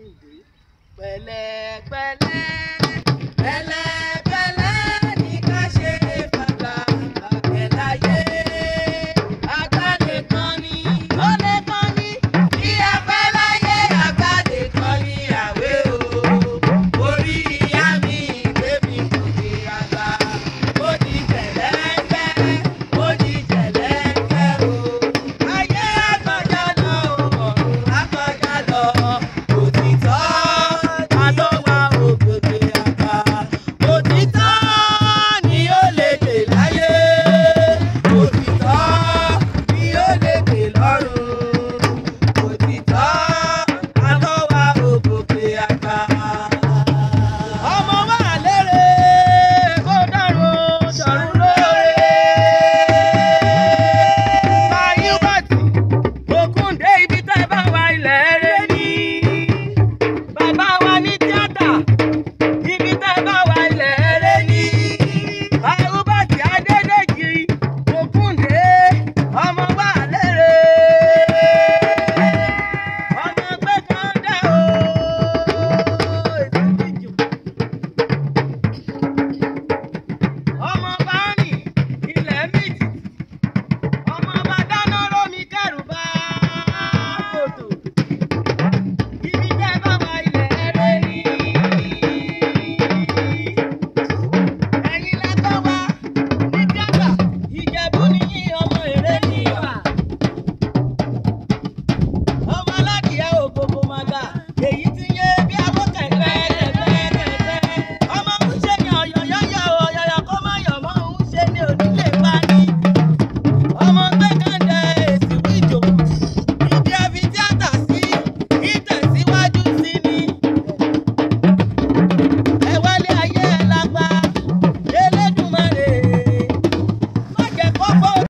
kúwèé pẹ̀lẹ́pẹ̀lẹ́.